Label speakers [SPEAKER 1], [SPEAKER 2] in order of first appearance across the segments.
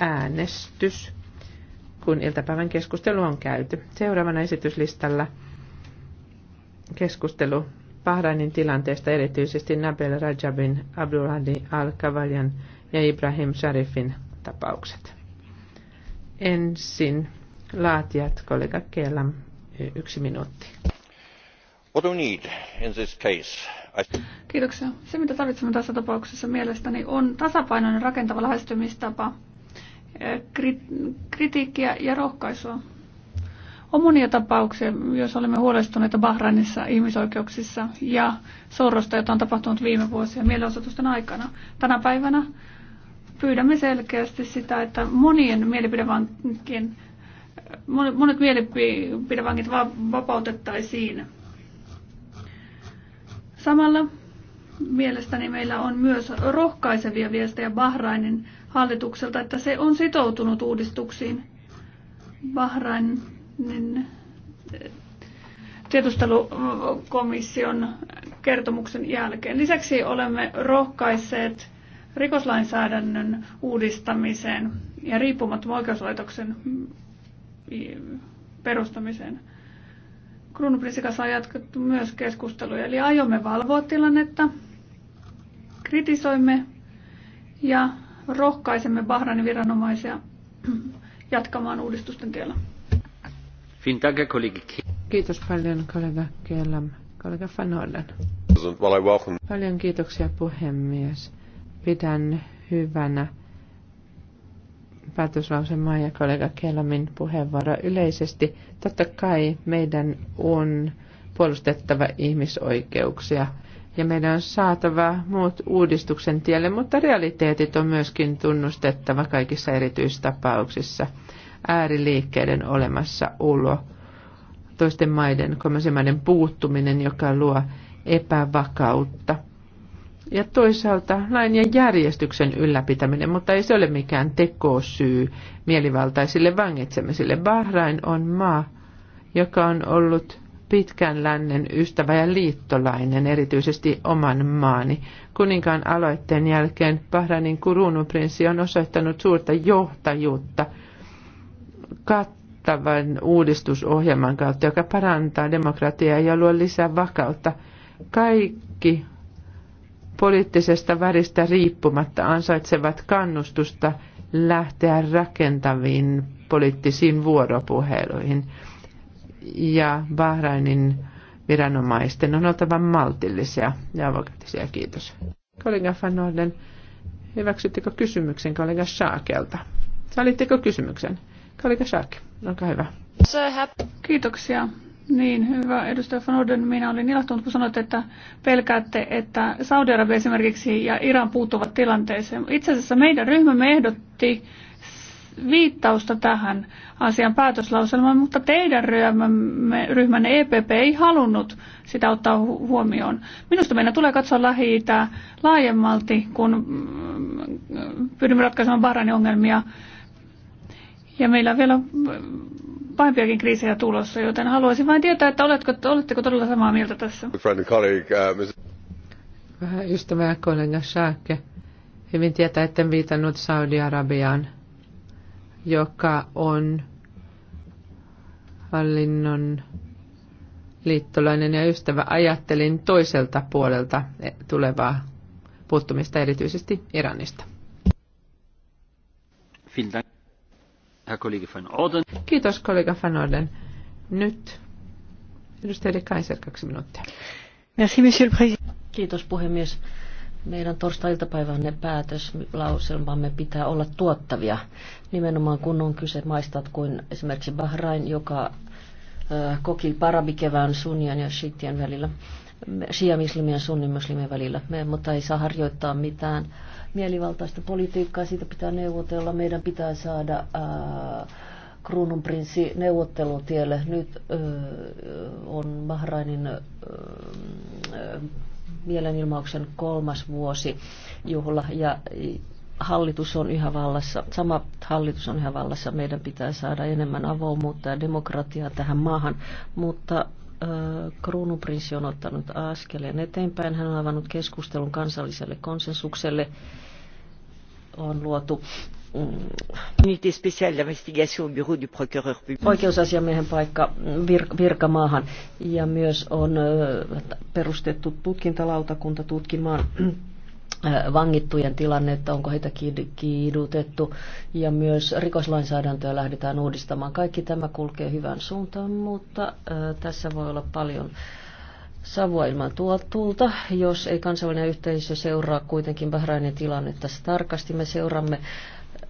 [SPEAKER 1] äänestys, kun iltapäivän keskustelu on käyty. Seuraavana esityslistalla keskustelu Bahrainin tilanteesta erityisesti Nabil Rajabin, Abdulhadi al kavajan ja Ibrahim Sharifin tapaukset. Ensin laatijat, kollega Kellam, yksi minuutti. What do need in this case? I...
[SPEAKER 2] Kiitoksia. Se, mitä tarvitsemme tässä tapauksessa mielestäni, on tasapainoinen rakentava lähestymistapa kritiikkiä ja rohkaisua. On monia tapauksia, jos olemme huolestuneita Bahrainissa ihmisoikeuksissa ja sorrosta, jota on tapahtunut viime vuosien mielenosoitusten aikana. Tänä päivänä pyydämme selkeästi sitä, että monien mielipidevankien, monet mielipidevankit vapautettaisiin. Samalla mielestäni meillä on myös rohkaisevia viestejä Bahrainin hallitukselta, että se on sitoutunut uudistuksiin. Bahrainin eh, tiedustelukomission kertomuksen jälkeen. Lisäksi olemme rohkaisseet rikoslainsäädännön uudistamiseen ja riippumattoman oikeuslaitoksen mm, perustamiseen. Kruunuprinsin kanssa on jatkettu myös keskusteluja, eli aiomme valvoa tilannetta, kritisoimme ja rohkaisemme Bahrainin viranomaisia jatkamaan uudistusten tiellä.
[SPEAKER 1] Kiitos paljon kollega Kellam, kollega Van Orden. Paljon kiitoksia puhemies. Pidän hyvänä päätöslausemaa ja kollega Kellamin puheenvuoroa yleisesti. Totta kai meidän on puolustettava ihmisoikeuksia ja meidän on saatava muut uudistuksen tielle, mutta realiteetit on myöskin tunnustettava kaikissa erityistapauksissa. Ääriliikkeiden olemassa ulo toisten maiden, kolmansien maiden puuttuminen, joka luo epävakautta. Ja toisaalta lain ja järjestyksen ylläpitäminen, mutta ei se ole mikään tekosyy mielivaltaisille vangitsemisille. Bahrain on maa, joka on ollut pitkän lännen ystävä ja liittolainen, erityisesti oman maani. Kuninkaan aloitteen jälkeen Bahrainin kurunuprinssi on osoittanut suurta johtajuutta kattavan uudistusohjelman kautta, joka parantaa demokratiaa ja luo lisää vakautta. Kaikki poliittisesta väristä riippumatta ansaitsevat kannustusta lähteä rakentaviin poliittisiin vuoropuheluihin ja Bahrainin viranomaisten on oltava maltillisia ja avokätisiä. Kiitos. Kollega Fanoiden, hyväksyttekö kysymyksen kollega Shaakelta? Salitteko kysymyksen? Kollega Shaake, olkaa hyvä.
[SPEAKER 2] Kiitoksia. Niin, hyvä edustaja Van Orden. Minä olin ilahtunut, kun sanoit, että pelkäätte, että Saudi-Arabia esimerkiksi ja Iran puuttuvat tilanteeseen. Itse asiassa meidän ryhmämme ehdotti viittausta tähän asian päätöslauselmaan, mutta teidän ryhmämme, ryhmänne EPP ei halunnut sitä ottaa huomioon. Minusta meidän tulee katsoa lähi laajemmalti, kun mm, pyrimme ratkaisemaan Bahrainin ongelmia. Ja meillä on vielä pahempiakin kriisejä tulossa, joten haluaisin vain tietää, että oletko, oletteko todella samaa mieltä tässä?
[SPEAKER 3] Uh,
[SPEAKER 1] Vähän ystävä ja kollega Schaake. Hyvin tietää, että viitannut Saudi-Arabiaan joka on hallinnon liittolainen ja ystävä, ajattelin toiselta puolelta tulevaa puuttumista erityisesti Iranista. Kiitos kollega Van Orden. Nyt edustaja Kaiser kaksi minuuttia. Merci, Kiitos puhemies
[SPEAKER 4] meidän torstai-iltapäivänne päätöslauselmamme pitää olla tuottavia, nimenomaan kun on kyse maistat kuin esimerkiksi Bahrain, joka koki parabikevään sunnian ja shittien välillä, shia-muslimien sunnimuslimien välillä, me, mutta ei saa harjoittaa mitään mielivaltaista politiikkaa, siitä pitää neuvotella, meidän pitää saada äh, kruununprinssi neuvottelutielle. Nyt äh, on Bahrainin äh, mielenilmauksen kolmas vuosi juhla ja hallitus on yhä vallassa, sama hallitus on yhä vallassa, meidän pitää saada enemmän avoimuutta ja demokratiaa tähän maahan, mutta kruununprinssi on ottanut askeleen eteenpäin. Hän on avannut keskustelun kansalliselle konsensukselle. On luotu oikeusasiamiehen paikka vir, virkamaahan ja myös on perustettu tutkintalautakunta tutkimaan vangittujen tilannetta, onko heitä kiidutettu ja myös rikoslainsäädäntöä lähdetään uudistamaan. Kaikki tämä kulkee hyvään suuntaan, mutta tässä voi olla paljon savua ilman tuotulta, jos ei kansainvälinen yhteisö seuraa kuitenkin Bahrainin tilannetta tarkasti. Me seuraamme äh,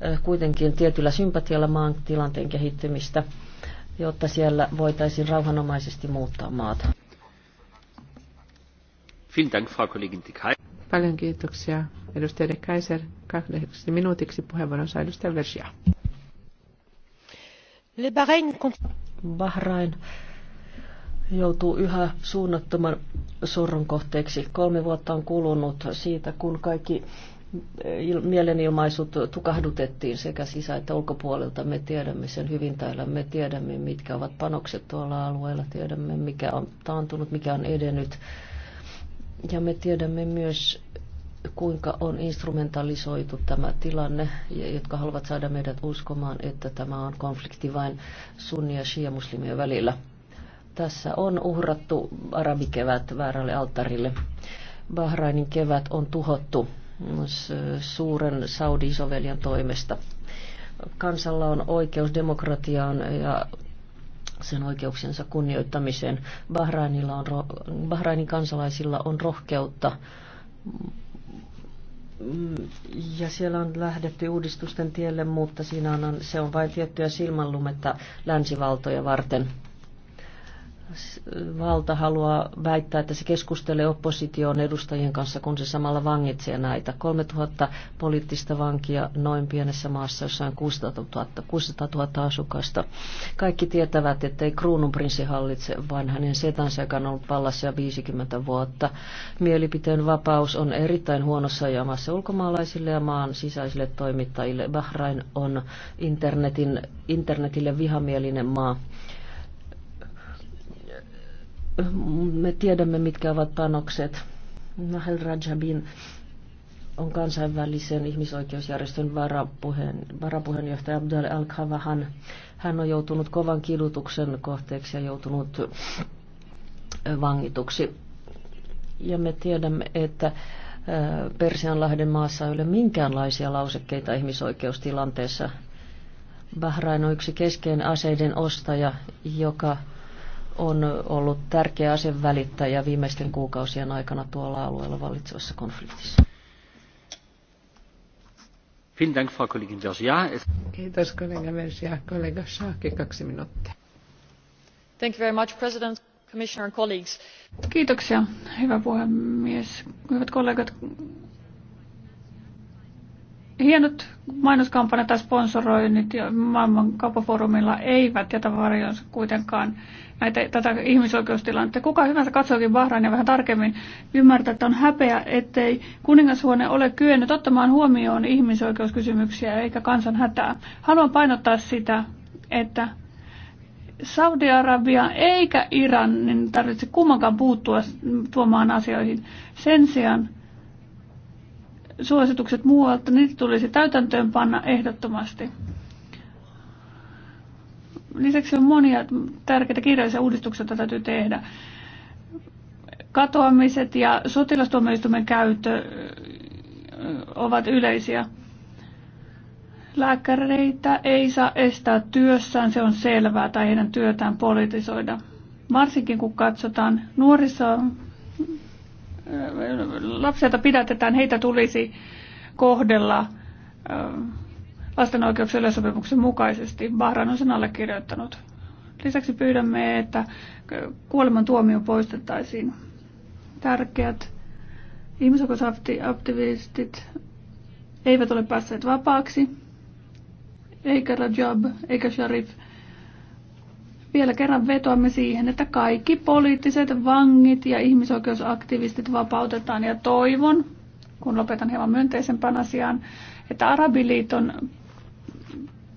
[SPEAKER 4] Eh, kuitenkin tietyllä sympatialla maan tilanteen kehittymistä, jotta siellä voitaisiin
[SPEAKER 1] rauhanomaisesti muuttaa maata. Paljon kiitoksia edustaja De Kaiser. Kahdeksi minuutiksi puheenvuoron saa edustaja Versia.
[SPEAKER 4] Bahrain joutuu yhä suunnattoman sorron kohteeksi. Kolme vuotta on kulunut siitä, kun kaikki mielenilmaisut tukahdutettiin sekä sisä- että ulkopuolelta. Me tiedämme sen hyvin täällä, me tiedämme mitkä ovat panokset tuolla alueella, tiedämme mikä on taantunut, mikä on edennyt. Ja me tiedämme myös, kuinka on instrumentalisoitu tämä tilanne, jotka haluavat saada meidät uskomaan, että tämä on konflikti vain sunni- ja shia-muslimien välillä. Tässä on uhrattu arabikevät väärälle alttarille. Bahrainin kevät on tuhottu suuren Saudi-isoveljan toimesta. Kansalla on oikeus demokratiaan ja sen oikeuksensa kunnioittamiseen. Bahrainilla on, Bahrainin kansalaisilla on rohkeutta mm, ja siellä on lähdetty uudistusten tielle, mutta siinä on, se on vain tiettyä silmänlumetta länsivaltoja varten valta haluaa väittää, että se keskustelee opposition edustajien kanssa, kun se samalla vangitsee näitä. 3000 poliittista vankia noin pienessä maassa, jossa on 600 000, 600 000 asukasta. Kaikki tietävät, että ei kruununprinssi hallitse, vaan hänen setänsä, joka on ollut vallassa jo 50 vuotta. Mielipiteen vapaus on erittäin huonossa jamassa ulkomaalaisille ja maan sisäisille toimittajille. Bahrain on internetin, internetille vihamielinen maa me tiedämme, mitkä ovat panokset. Nahel Rajabin on kansainvälisen ihmisoikeusjärjestön varapuheen, varapuheenjohtaja Abdel Al-Khavahan. Hän on joutunut kovan kidutuksen kohteeksi ja joutunut vangituksi. Ja me tiedämme, että Persianlahden maassa ei ole minkäänlaisia lausekkeita ihmisoikeustilanteessa. Bahrain on yksi keskeinen aseiden ostaja, joka on ollut tärkeä välittäjä viimeisten kuukausien aikana tuolla alueella vallitsevassa
[SPEAKER 3] konfliktissa.
[SPEAKER 1] Kiitos kollega Versia. Kollega Schaake, kaksi minuuttia. Thank
[SPEAKER 2] you very much, President, Commissioner and colleagues.
[SPEAKER 1] Kiitoksia, hyvä puhemies. Hyvät
[SPEAKER 2] kollegat, hienot mainoskampanjat tai sponsoroinnit maailman kauppafoorumilla eivät jätä varjonsa kuitenkaan näitä, tätä ihmisoikeustilannetta. Kuka hyvänsä katsookin ja vähän tarkemmin, ymmärtää, että on häpeä, ettei kuningashuone ole kyennyt ottamaan huomioon ihmisoikeuskysymyksiä eikä kansan hätää. Haluan painottaa sitä, että Saudi-Arabia eikä Iran niin tarvitse kummankaan puuttua tuomaan asioihin. Sen sijaan suositukset muualta, niitä tulisi täytäntöönpanna ehdottomasti. Lisäksi on monia tärkeitä kirjallisia uudistuksia, joita täytyy tehdä. Katoamiset ja sotilastuomioistuimen käyttö ovat yleisiä. Lääkäreitä ei saa estää työssään, se on selvää, tai heidän työtään politisoida. Varsinkin kun katsotaan nuorissa lapsia, joita pidätetään, heitä tulisi kohdella lasten oikeuksien yleissopimuksen mukaisesti. Bahrain on sen allekirjoittanut. Lisäksi pyydämme, että kuolemantuomio poistettaisiin. Tärkeät ihmisoikeusaktivistit eivät ole päässeet vapaaksi, eikä Rajab, eikä Sharif. Vielä kerran vetoamme siihen, että kaikki poliittiset vangit ja ihmisoikeusaktivistit vapautetaan ja toivon, kun lopetan hieman myönteisempään asiaan, että Arabiliiton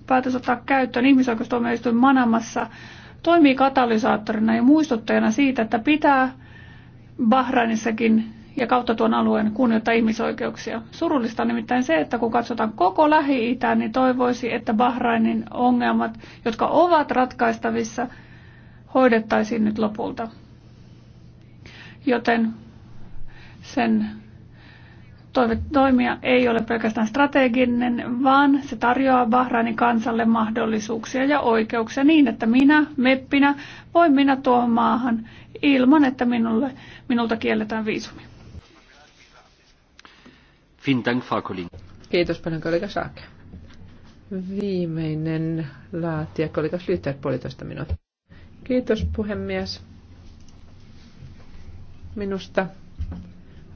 [SPEAKER 2] päätös ottaa käyttöön ihmisoikeustuomioistuin Manamassa toimii katalysaattorina ja muistuttajana siitä, että pitää Bahrainissakin ja kautta tuon alueen kunnioittaa ihmisoikeuksia. Surullista on nimittäin se, että kun katsotaan koko Lähi-Itää, niin toivoisi, että Bahrainin ongelmat, jotka ovat ratkaistavissa, hoidettaisiin nyt lopulta. Joten sen toive toimia ei ole pelkästään strateginen, vaan se tarjoaa Bahrainin kansalle mahdollisuuksia ja oikeuksia niin, että minä, meppinä, voin minä tuohon maahan ilman, että minulle, minulta kielletään viisumi.
[SPEAKER 1] Kiitos paljon kollega Saake. Viimeinen laatija kollega Slyter puolitoista minuuttia. Kiitos puhemies. Minusta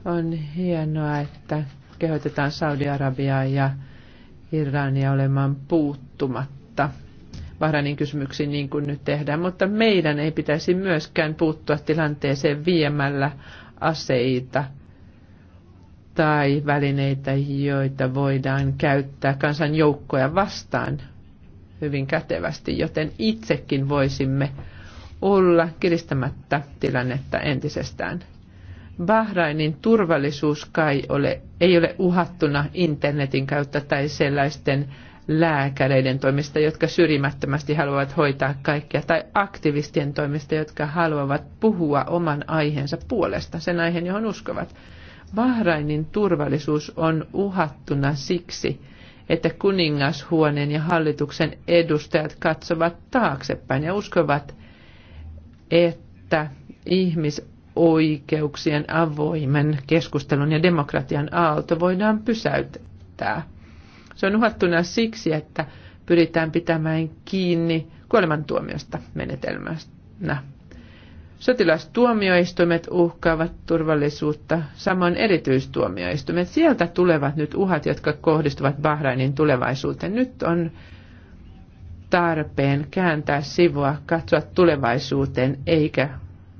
[SPEAKER 1] on hienoa, että kehotetaan Saudi-Arabiaa ja Irania olemaan puuttumatta Bahrainin kysymyksiin niin kuin nyt tehdään, mutta meidän ei pitäisi myöskään puuttua tilanteeseen viemällä aseita tai välineitä, joita voidaan käyttää kansan joukkoja vastaan hyvin kätevästi, joten itsekin voisimme olla kiristämättä tilannetta entisestään. Bahrainin turvallisuus kai ole, ei ole uhattuna internetin kautta tai sellaisten lääkäreiden toimista, jotka syrjimättömästi haluavat hoitaa kaikkia tai aktivistien toimista, jotka haluavat puhua oman aiheensa puolesta, sen aiheen, johon uskovat. Bahrainin turvallisuus on uhattuna siksi, että kuningashuoneen ja hallituksen edustajat katsovat taaksepäin ja uskovat, että ihmis oikeuksien avoimen keskustelun ja demokratian aalto voidaan pysäyttää. Se on uhattuna siksi, että pyritään pitämään kiinni kuolemantuomiosta menetelmästä. Sotilastuomioistumet uhkaavat turvallisuutta, samoin erityistuomioistumet. Sieltä tulevat nyt uhat, jotka kohdistuvat Bahrainin tulevaisuuteen. Nyt on tarpeen kääntää sivua, katsoa tulevaisuuteen eikä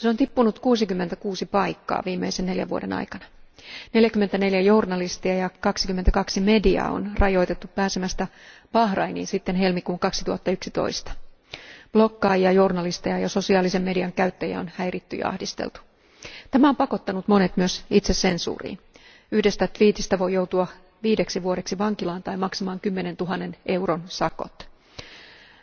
[SPEAKER 5] se on tippunut kuusikymmentäkuusi paikkaa viimeisen neljän vuoden aikana. neljäkymmentäneljä journalistia ja kaksikymmentäkaksi mediaa on rajoitettu pääsemästä bahrainiin sitten helmikuun kaksituhatta yksitoista bloggaajia journalisteja ja sosiaalisen median käyttäjiä on häiritty ja ahdisteltu. tämä on pakottanut monet myös itsesensuuriin. yhdestä tviitistä voi joutua viideksi vuodeksi vankilaan tai maksamaan kymmenen nolla euron sakot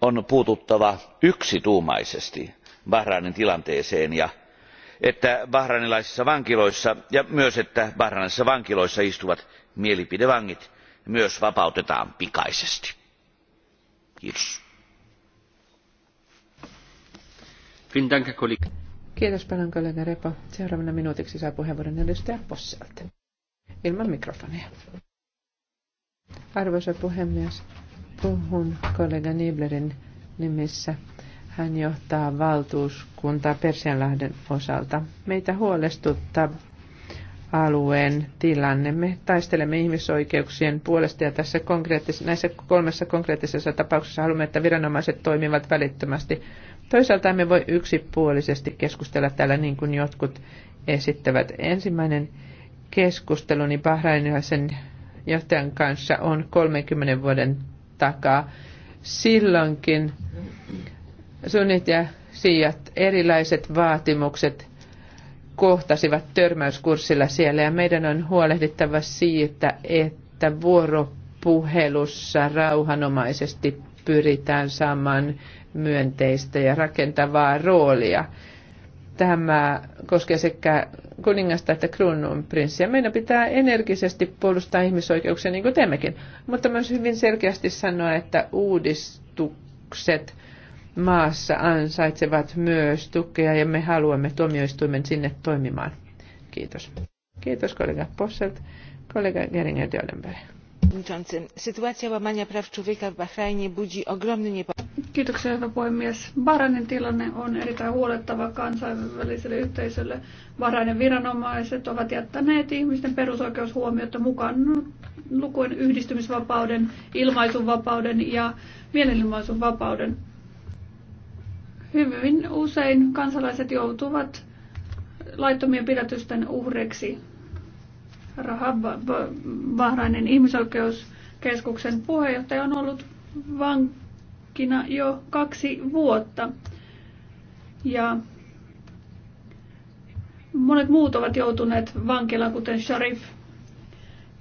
[SPEAKER 6] on puututtava yksituumaisesti bahrainin tilanteeseen ja että bahrainilaisissa vankiloissa ja myös että bahrainissa vankiloissa istuvat mielipidevangit myös vapautetaan pikaisesti. Kiitos.
[SPEAKER 1] Kiitos paljon kollega Repo. Seuraavana minuutiksi saa puheenvuoron edustaja Posselta. Ilman mikrofonia. Arvoisa puhemies, puhun kollega Niblerin nimissä. Hän johtaa valtuuskuntaa Persianlahden osalta. Meitä huolestuttaa alueen tilanne. Me taistelemme ihmisoikeuksien puolesta ja tässä konkreettis- näissä kolmessa konkreettisessa tapauksessa haluamme, että viranomaiset toimivat välittömästi. Toisaalta emme voi yksipuolisesti keskustella täällä niin kuin jotkut esittävät. Ensimmäinen keskusteluni Bahrainilaisen johtajan kanssa on 30 vuoden takaa. Silloinkin sunnit ja siijat, erilaiset vaatimukset kohtasivat törmäyskurssilla siellä ja meidän on huolehdittava siitä, että vuoropuhelussa rauhanomaisesti pyritään saamaan myönteistä ja rakentavaa roolia Tämä koskee sekä kuningasta että kruununprinssiä. Meidän pitää energisesti puolustaa ihmisoikeuksia, niin kuin teemmekin, mutta myös hyvin selkeästi sanoa, että uudistukset maassa ansaitsevat myös tukea ja me haluamme tuomioistuimen sinne toimimaan. Kiitos. Kiitos kollega Posselt. Kollega Geringer-Diodenberg.
[SPEAKER 5] Situatio łamania praw człowieka w Bahrajnie budzi ogromny niepokój. Kiitoksia,
[SPEAKER 2] hyvä puhemies. Bahrainin tilanne on erittäin huolettava kansainväliselle yhteisölle. Bahrainin viranomaiset ovat jättäneet ihmisten perusoikeushuomiota mukaan lukuen yhdistymisvapauden, ilmaisunvapauden ja mielenilmaisunvapauden. Hyvin usein kansalaiset joutuvat laittomien pidätysten uhreiksi. Bahrainin ihmisoikeuskeskuksen puheenjohtaja on ollut vankilassa markkina jo kaksi vuotta. Ja monet muut ovat joutuneet vankilaan, kuten Sharif,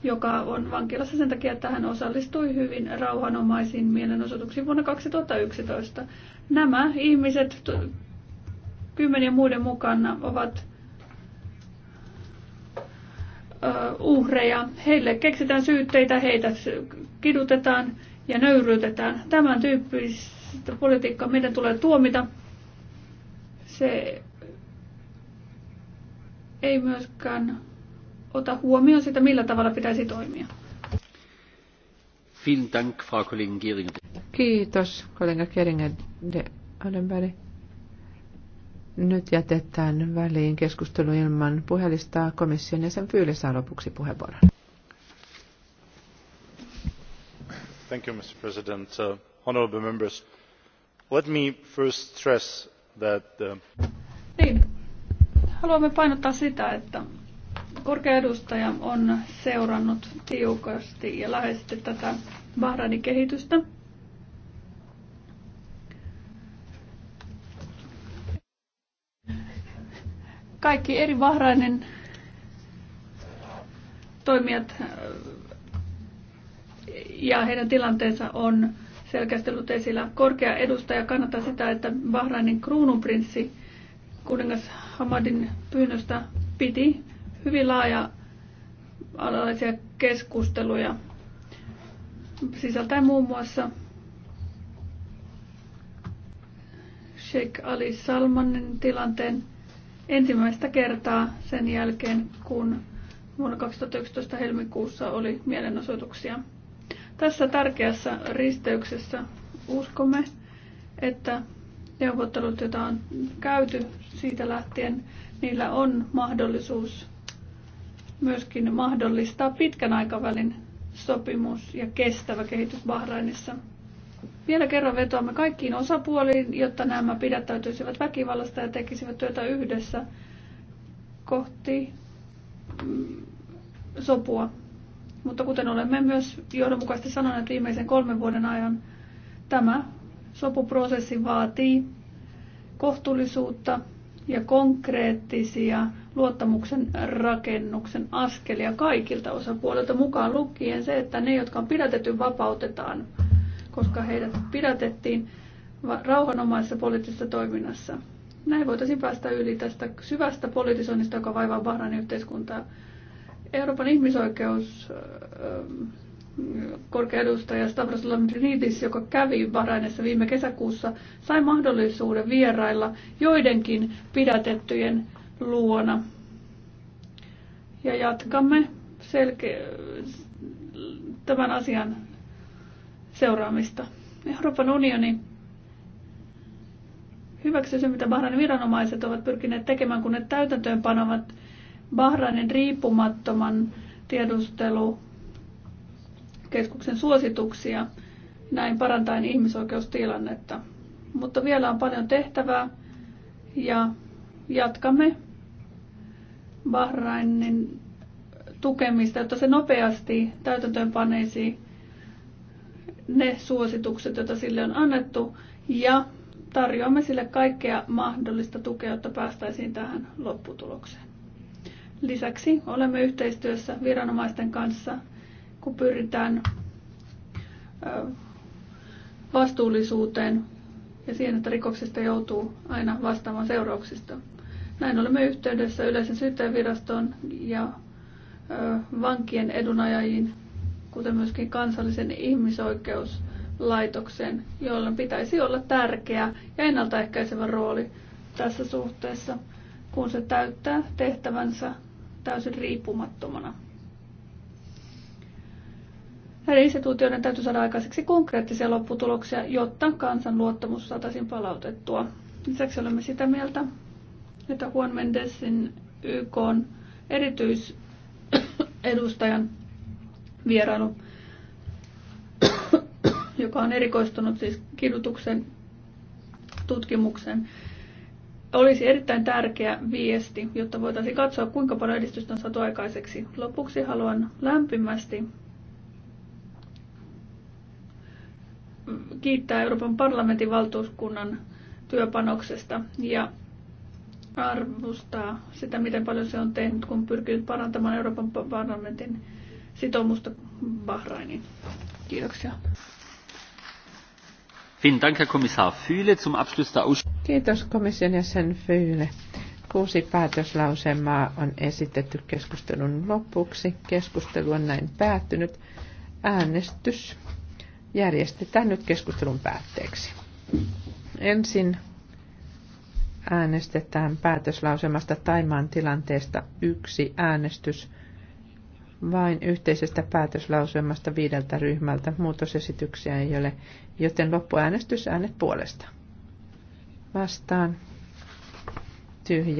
[SPEAKER 2] joka on vankilassa sen takia, että hän osallistui hyvin rauhanomaisiin mielenosoituksiin vuonna 2011. Nämä ihmiset kymmenien muiden mukana ovat uhreja. Heille keksitään syytteitä, heitä kidutetaan ja nöyryytetään. Tämän tyyppistä politiikkaa meidän tulee tuomita. Se ei myöskään ota huomioon sitä, millä tavalla pitäisi toimia.
[SPEAKER 1] Kiitos, kollega Geringer de Adenberg. Nyt jätetään väliin keskustelu ilman puhelistaa komission ja sen pyydessä lopuksi puheenvuoron. mr president uh, honourable members let me first stress that uh,
[SPEAKER 2] niin. haluamme painottaa sitä että korkea edustaja on seurannut tiukasti ja läheisesti tätä bahrainin kehitystä kaikki eri Bahrainin toimijat ja heidän tilanteensa on selkeästi ollut esillä. Korkea edustaja kannattaa sitä, että Bahrainin kruununprinssi kuningas Hamadin pyynnöstä piti hyvin laaja alaisia keskusteluja sisältäen muun muassa Sheikh Ali Salmanin tilanteen ensimmäistä kertaa sen jälkeen, kun vuonna 2011 helmikuussa oli mielenosoituksia tässä tärkeässä risteyksessä uskomme, että neuvottelut, joita on käyty siitä lähtien, niillä on mahdollisuus myöskin mahdollistaa pitkän aikavälin sopimus ja kestävä kehitys Bahrainissa. Vielä kerran vetoamme kaikkiin osapuoliin, jotta nämä pidättäytyisivät väkivallasta ja tekisivät työtä yhdessä kohti mm, sopua mutta kuten olemme myös johdonmukaisesti sanoneet viimeisen kolmen vuoden ajan, tämä sopuprosessi vaatii kohtuullisuutta ja konkreettisia luottamuksen rakennuksen askelia kaikilta osapuolilta, mukaan lukien se, että ne, jotka on pidätetty, vapautetaan, koska heidät pidätettiin rauhanomaisessa poliittisessa toiminnassa. Näin voitaisiin päästä yli tästä syvästä politisoinnista, joka vaivaa Bahrainin yhteiskuntaa Euroopan ihmisoikeus ähm, korkea edustaja Stavros Lambrinidis, joka kävi Bahrainissa viime kesäkuussa, sai mahdollisuuden vierailla joidenkin pidätettyjen luona. Ja jatkamme selke- tämän asian seuraamista. Euroopan unioni hyväksyy se, mitä Bahrainin viranomaiset ovat pyrkineet tekemään, kun ne täytäntöön panovat. Bahrainin riippumattoman tiedustelukeskuksen suosituksia, näin parantaen ihmisoikeustilannetta. Mutta vielä on paljon tehtävää ja jatkamme Bahrainin tukemista, jotta se nopeasti täytäntöönpaneisi ne suositukset, joita sille on annettu, ja tarjoamme sille kaikkea mahdollista tukea, jotta päästäisiin tähän lopputulokseen. Lisäksi olemme yhteistyössä viranomaisten kanssa, kun pyritään vastuullisuuteen ja siihen, että rikoksista joutuu aina vastaamaan seurauksista. Näin olemme yhteydessä yleisen syyttäjävirastoon ja vankien edunajajiin, kuten myöskin kansallisen ihmisoikeuslaitoksen, joilla pitäisi olla tärkeä ja ennaltaehkäisevä rooli tässä suhteessa, kun se täyttää tehtävänsä täysin riippumattomana. Eri instituutioiden täytyy saada aikaiseksi konkreettisia lopputuloksia, jotta kansan luottamus saataisiin palautettua. Lisäksi olemme sitä mieltä, että Juan Mendesin YK erityisedustajan vierailu, joka on erikoistunut siis kidutuksen tutkimukseen olisi erittäin tärkeä viesti, jotta voitaisiin katsoa, kuinka paljon edistystä on saatu aikaiseksi. Lopuksi haluan lämpimästi kiittää Euroopan parlamentin valtuuskunnan työpanoksesta ja arvostaa sitä, miten paljon se on tehnyt, kun pyrkii parantamaan Euroopan parlamentin sitoumusta Bahrainiin.
[SPEAKER 3] Kiitoksia.
[SPEAKER 1] Kiitos komission jäsen Füle. Kuusi päätöslausemaa on esitetty keskustelun lopuksi. Keskustelu on näin päättynyt. Äänestys järjestetään nyt keskustelun päätteeksi. Ensin äänestetään päätöslausemasta Taimaan tilanteesta yksi äänestys vain yhteisestä päätöslauselmasta viideltä ryhmältä. Muutosesityksiä ei ole Joten loppuäänestys äänet puolesta. Vastaan. Tyhjä.